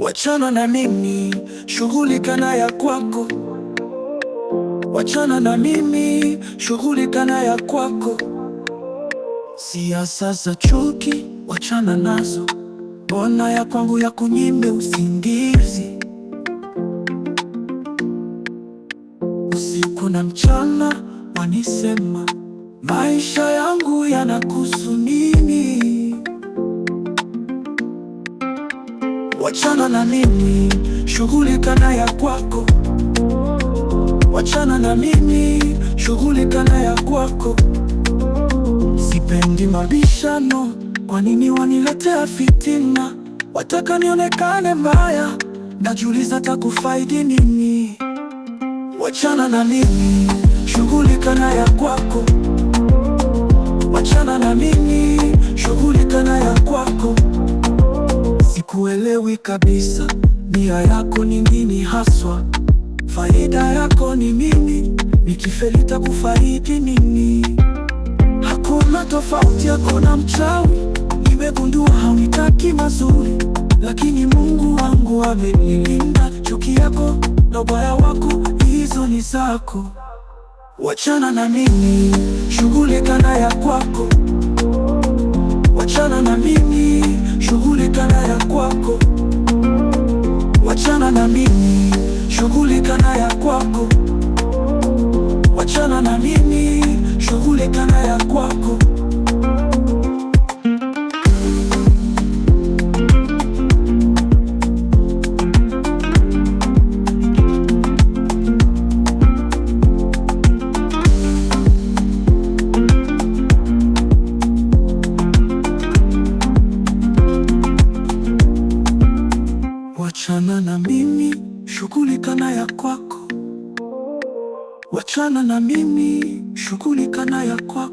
Wachana na mimi, shughulika na ya kwako. Wachana na mimi, shughulika na ya kwako. Siasa za chuki, wachana nazo. Mbona ya kwangu ya kunyime usingizi usiku na mchana, wanisema maisha yangu yanakuhusu nini? Wachana na mimi, shughulika na ya kwako. Wachana na mimi, shughulika na ya kwako. Sipendi mabishano, kwa nini waniletea fitina? Wataka nionekane mbaya, najiuliza takufaidi nini? Wachana na mimi, shughulika na ya kwako. huelewi kabisa nia yako ni nini haswa, faida yako ni nini, nikifeli kufaidi nini? Hakuna tofauti yako na mchawi, nimegundua haunitaki mazuri, lakini Mungu wangu amenilinda. Chuki yako na ubaya wako, hizo ni zako, wachana na mimi, shughulika na ya kwako. Wachana na mimi, shughulika na ya kwako na mimi, shughulika na ya kwako. Wachana na mimi, shughulika na ya kwako. Wachana na mimi, shughulika na ya kwako.